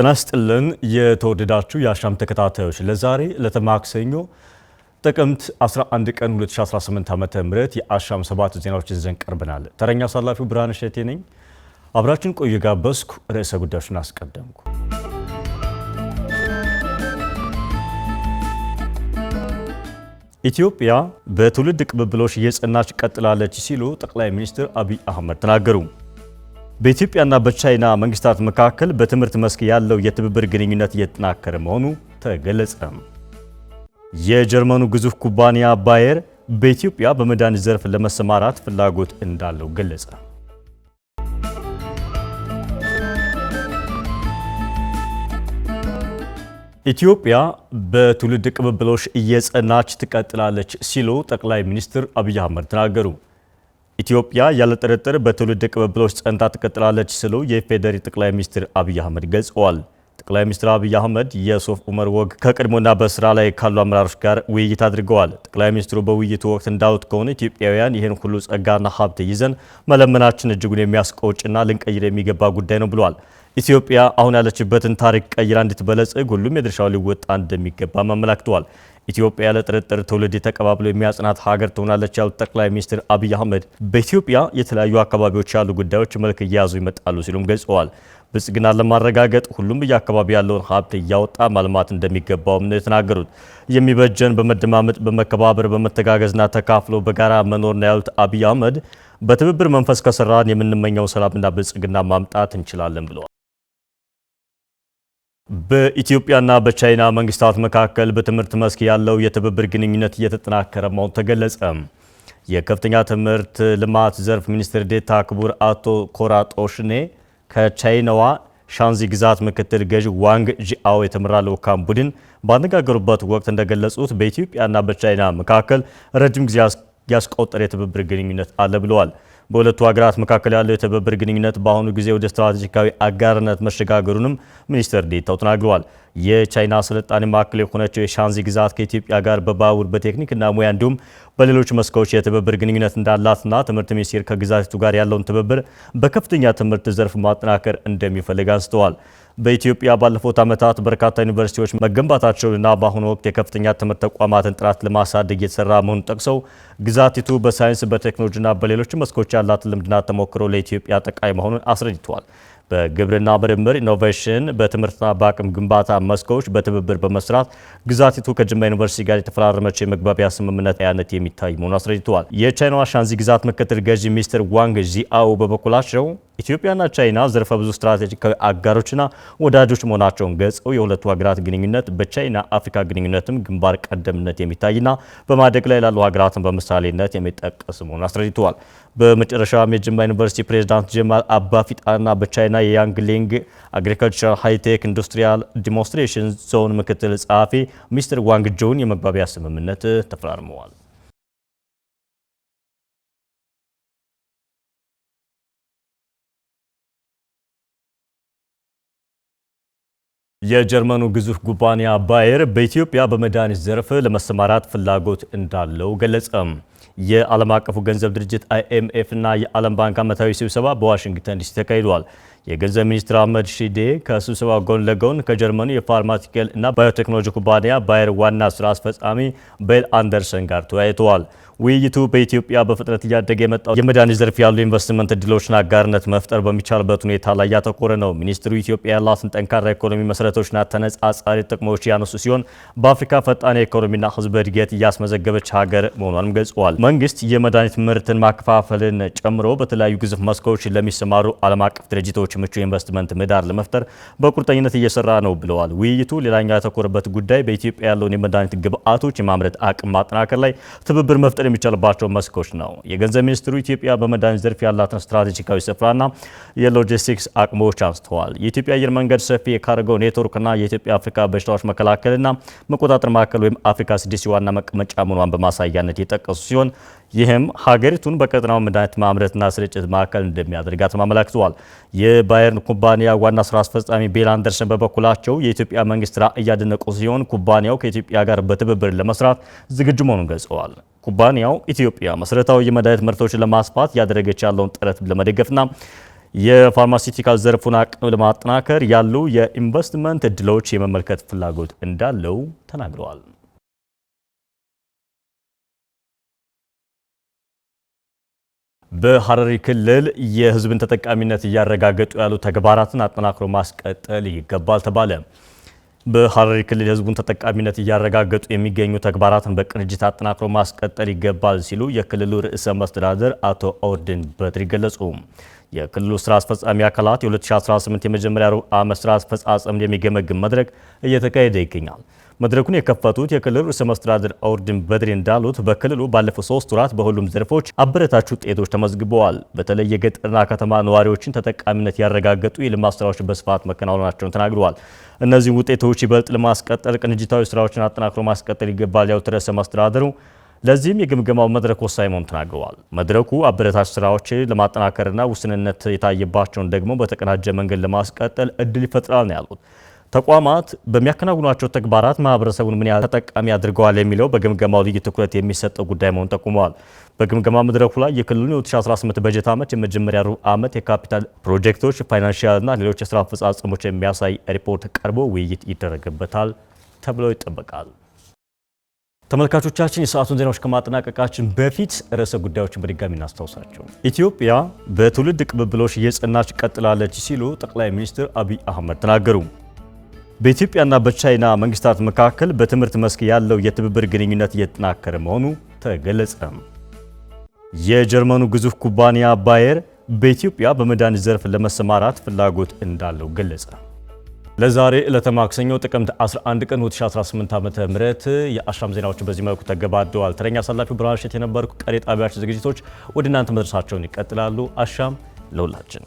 ጤና ይስጥልን የተወደዳችሁ የአሻም ተከታታዮች፣ ለዛሬ ለተማክሰኞ ጥቅምት 11 ቀን 2018 ዓ ም የአሻም ሰባት ዜናዎችን ይዘን ቀርበናል። ተረኛ አሳላፊው ብርሃን ሸቴ ነኝ። አብራችን ቆዩ። ጋበዝኩ። ርዕሰ ጉዳዮችን አስቀደምኩ። ኢትዮጵያ በትውልድ ቅብብሎች እየጸናች ቀጥላለች ሲሉ ጠቅላይ ሚኒስትር አብይ አህመድ ተናገሩ። በኢትዮጵያና በቻይና መንግስታት መካከል በትምህርት መስክ ያለው የትብብር ግንኙነት እየተጠናከረ መሆኑ ተገለጸ። የጀርመኑ ግዙፍ ኩባንያ ባየር በኢትዮጵያ በመድኃኒት ዘርፍ ለመሰማራት ፍላጎት እንዳለው ገለጸ። ኢትዮጵያ በትውልድ ቅብብሎሽ እየጸናች ትቀጥላለች ሲሉ ጠቅላይ ሚኒስትር አብይ አህመድ ተናገሩ። ኢትዮጵያ ያለ ጥርጥር በትውልድ ቅብብሎች ጸንታ ትቀጥላለች ስሉ የኢፌዴሪ ጠቅላይ ሚኒስትር አብይ አህመድ ገልጸዋል። ጠቅላይ ሚኒስትር አብይ አህመድ የሶፍ ኡመር ወግ ከቅድሞና በስራ ላይ ካሉ አመራሮች ጋር ውይይት አድርገዋል። ጠቅላይ ሚኒስትሩ በውይይቱ ወቅት እንዳሉት ከሆነ ኢትዮጵያውያን ይህን ሁሉ ጸጋና ሀብት ይዘን መለመናችን እጅጉን የሚያስቆጭና ልንቀይር የሚገባ ጉዳይ ነው ብለዋል። ኢትዮጵያ አሁን ያለችበትን ታሪክ ቀይራ እንድትበለጽግ ሁሉም የድርሻው ሊወጣ እንደሚገባ አመላክተዋል። ኢትዮጵያ ለጥርጥር ትውልድ ተቀባብሎ የሚያጽናት ሀገር ትሆናለች ያሉት ጠቅላይ ሚኒስትር አብይ አህመድ በኢትዮጵያ የተለያዩ አካባቢዎች ያሉ ጉዳዮች መልክ እየያዙ ይመጣሉ ሲሉም ገልጸዋል። ብልጽግናን ለማረጋገጥ ሁሉም በየአካባቢ ያለውን ሀብት እያወጣ ማልማት እንደሚገባውም ነው የተናገሩት። የሚበጀን በመደማመጥ በመከባበር፣ በመተጋገዝና ተካፍሎ በጋራ መኖር ነው ያሉት አብይ አህመድ በትብብር መንፈስ ከሰራን የምንመኘው ሰላምና ብልጽግና ማምጣት እንችላለን ብለዋል። በኢትዮጵያና በቻይና መንግስታት መካከል በትምህርት መስክ ያለው የትብብር ግንኙነት እየተጠናከረ መሆኑ ተገለጸ። የከፍተኛ ትምህርት ልማት ዘርፍ ሚኒስትር ዴታ ክቡር አቶ ኮራጦሽኔ ከቻይናዋ ሻንዚ ግዛት ምክትል ገዥ ዋንግ ጂአው የተመራ ልዑካን ቡድን ባነጋገሩበት ወቅት እንደገለጹት በኢትዮጵያና በቻይና መካከል ረጅም ጊዜ ያስቆጠረ የትብብር ግንኙነት አለ ብለዋል። በሁለቱ ሀገራት መካከል ያለው የትብብር ግንኙነት በአሁኑ ጊዜ ወደ ስትራቴጂካዊ አጋርነት መሸጋገሩንም ሚኒስትር ዴታው ተናግረዋል። የቻይና ስልጣኔ ማዕከል የሆነችው የሻንዚ ግዛት ከኢትዮጵያ ጋር በባቡር በቴክኒክና ሙያ እንዲሁም በሌሎች መስኮች የትብብር ግንኙነት እንዳላትና ትምህርት ሚኒስቴር ከግዛቲቱ ጋር ያለውን ትብብር በከፍተኛ ትምህርት ዘርፍ ማጠናከር እንደሚፈልግ አንስተዋል። በኢትዮጵያ ባለፉት ዓመታት በርካታ ዩኒቨርሲቲዎች መገንባታቸውንና በአሁኑ ወቅት የከፍተኛ ትምህርት ተቋማትን ጥራት ለማሳደግ እየተሰራ መሆኑን ጠቅሰው ግዛቲቱ በሳይንስ በቴክኖሎጂና በሌሎች መስኮች ያላት ልምድና ተሞክሮ ለኢትዮጵያ ጠቃሚ መሆኑን አስረድተዋል። በግብርና ምርምር፣ ኢኖቬሽን፣ በትምህርትና በአቅም ግንባታ መስኮች በትብብር በመስራት ግዛቲቱ ከጅማ ዩኒቨርሲቲ ጋር የተፈራረመች የመግባቢያ ስምምነት ያነት የሚታይ መሆኑን አስረድተዋል። የቻይናዋ ሻንዚ ግዛት ምክትል ገዢ ሚኒስትር ዋንግ ዚአው በበኩላቸው ኢትዮጵያና ቻይና ዘርፈ ብዙ ስትራቴጂካዊ አጋሮችና ወዳጆች መሆናቸውን ገልጸው የሁለቱ ሀገራት ግንኙነት በቻይና አፍሪካ ግንኙነትም ግንባር ቀደምነት የሚታይና በማደግ ላይ ላሉ ሀገራትን በምሳሌነት የሚጠቀስ መሆኑን አስረድተዋል። በመጨረሻም የጅማ ዩኒቨርሲቲ ፕሬዚዳንት ጀማል አባፊጣና በቻይና የያንግሊንግ አግሪካልቸር ሃይቴክ ኢንዱስትሪያል ዲሞንስትሬሽን ዞን ምክትል ጸሐፊ ሚስተር ዋንግ ጆን የመግባቢያ ስምምነት ተፈራርመዋል። የጀርመኑ ግዙፍ ኩባንያ ባየር በኢትዮጵያ በመድኃኒት ዘርፍ ለመሰማራት ፍላጎት እንዳለው ገለጸ። የዓለም አቀፉ ገንዘብ ድርጅት አይኤምኤፍ እና የዓለም ባንክ ዓመታዊ ስብሰባ በዋሽንግተን ዲሲ ተካሂዷል። የገንዘብ ሚኒስትር አህመድ ሺዴ ከስብሰባ ጎን ለጎን ከጀርመኑ የፋርማሲካል እና ባዮቴክኖሎጂ ኩባንያ ባየር ዋና ስራ አስፈጻሚ ቤል አንደርሰን ጋር ተወያይተዋል። ውይይቱ በኢትዮጵያ በፍጥነት እያደገ የመጣው የመድኃኒት ዘርፍ ያሉ ኢንቨስትመንት እድሎችን አጋርነት መፍጠር በሚቻልበት ሁኔታ ላይ ያተኮረ ነው። ሚኒስትሩ ኢትዮጵያ ያላትን ጠንካራ ኢኮኖሚ መሰረቶችና ተነጻጻሪ ጥቅሞች ያነሱ ሲሆን በአፍሪካ ፈጣን የኢኮኖሚና ሕዝብ እድገት እያስመዘገበች ሀገር መሆኗንም ገልጸዋል። መንግስት የመድኃኒት ምርትን ማከፋፈልን ጨምሮ በተለያዩ ግዙፍ መስኮች ለሚሰማሩ ዓለም አቀፍ ድርጅቶች ምቹ የኢንቨስትመንት ምህዳር ለመፍጠር በቁርጠኝነት እየሰራ ነው ብለዋል። ውይይቱ ሌላኛው ያተኮረበት ጉዳይ በኢትዮጵያ ያለውን የመድኃኒት ግብዓቶች የማምረት አቅም ማጠናከር ላይ ትብብር መፍጠር የሚቻልባቸው መስኮች ነው። የገንዘብ ሚኒስትሩ ኢትዮጵያ በመድኃኒት ዘርፍ ያላትን ስትራቴጂካዊ ስፍራና የሎጂስቲክስ አቅሞች አንስተዋል። የኢትዮጵያ አየር መንገድ ሰፊ የካርጎ ኔትወርክና የኢትዮጵያ አፍሪካ በሽታዎች መከላከልና መቆጣጠር ማዕከል ወይም አፍሪካ ስድስት ዋና መቀመጫ መሆኗን በማሳያነት የጠቀሱ ሲሆን ይህም ሀገሪቱን በቀጠናው መድኃኒት ማምረትና ስርጭት ማዕከል እንደሚያደርጋት አመላክተዋል። የባየርን ኩባንያ ዋና ስራ አስፈጻሚ ቤል አንደርሰን በበኩላቸው የኢትዮጵያ መንግስት ስራ እያደነቁ ሲሆን ኩባንያው ከኢትዮጵያ ጋር በትብብር ለመስራት ዝግጁ መሆኑን ገልጸዋል። ኩባንያው ኢትዮጵያ መሰረታዊ የመድኃኒት ምርቶችን ለማስፋት እያደረገች ያለውን ጥረት ለመደገፍና የፋርማሲቲካል ዘርፉን አቅም ለማጠናከር ያሉ የኢንቨስትመንት እድሎች የመመልከት ፍላጎት እንዳለው ተናግረዋል። በሐረሪ ክልል የህዝብን ተጠቃሚነት እያረጋገጡ ያሉ ተግባራትን አጠናክሮ ማስቀጠል ይገባል ተባለ። በሐረሪ ክልል የህዝቡን ተጠቃሚነት እያረጋገጡ የሚገኙ ተግባራትን በቅንጅት አጠናክሮ ማስቀጠል ይገባል ሲሉ የክልሉ ርዕሰ መስተዳደር አቶ ኦርድን በድሪ ገለጹ። የክልሉ ስራ አስፈጻሚ አካላት የ2018 የመጀመሪያ ሩብ ዓመት ስራ አስፈጻጸም የሚገመግም መድረክ እየተካሄደ ይገኛል። መድረኩን የከፈቱት የክልል ርዕሰ መስተዳድር አውርድን በድሪ እንዳሉት በክልሉ ባለፉት ሶስት ወራት በሁሉም ዘርፎች አበረታች ውጤቶች ተመዝግበዋል። በተለይ የገጠርና ከተማ ነዋሪዎችን ተጠቃሚነት ያረጋገጡ የልማት ስራዎች በስፋት መከናወናቸውን ተናግረዋል። እነዚህ ውጤቶች ይበልጥ ለማስቀጠል ቅንጅታዊ ስራዎችን አጠናክሮ ማስቀጠል ይገባል ያሉት ርዕሰ መስተዳድሩ ለዚህም የግምገማው መድረክ ወሳኝ መሆኑን ተናግረዋል። መድረኩ አበረታች ስራዎች ለማጠናከርና ውስንነት የታየባቸውን ደግሞ በተቀናጀ መንገድ ለማስቀጠል እድል ይፈጥራል ነው ያሉት። ተቋማት በሚያከናውኗቸው ተግባራት ማህበረሰቡን ምን ያህል ተጠቃሚ አድርገዋል የሚለው በግምገማው ልዩ ትኩረት የሚሰጠው ጉዳይ መሆኑን ጠቁመዋል። በግምገማ መድረኩ ላይ የክልሉን የ2018 በጀት ዓመት የመጀመሪያ ሩብ ዓመት የካፒታል ፕሮጀክቶች፣ ፋይናንሽያልና ሌሎች የስራ አፈጻጸሞች የሚያሳይ ሪፖርት ቀርቦ ውይይት ይደረግበታል ተብሎ ይጠበቃል። ተመልካቾቻችን የሰዓቱን ዜናዎች ከማጠናቀቃችን በፊት ርዕሰ ጉዳዮችን በድጋሚ እናስታውሳቸው። ኢትዮጵያ በትውልድ ቅብብሎች እየጸናች ቀጥላለች ሲሉ ጠቅላይ ሚኒስትር አብይ አህመድ ተናገሩ። በኢትዮጵያና በቻይና መንግስታት መካከል በትምህርት መስክ ያለው የትብብር ግንኙነት እየተጠናከረ መሆኑ ተገለጸ። የጀርመኑ ግዙፍ ኩባንያ ባየር በኢትዮጵያ በመድኃኒት ዘርፍ ለመሰማራት ፍላጎት እንዳለው ገለጸ። ለዛሬ ዕለተ ማክሰኞ ጥቅምት 11 ቀን 2018 ዓ.ም የአሻም ዜናዎች በዚህ መልኩ ተገባደዋል። ተረኛ አሳላፊው ብርሃን እሸት የነበርኩ። ቀሪ ጣቢያዎች ዝግጅቶች ወደ እናንተ መድረሳቸውን ይቀጥላሉ። አሻም ለሁላችን!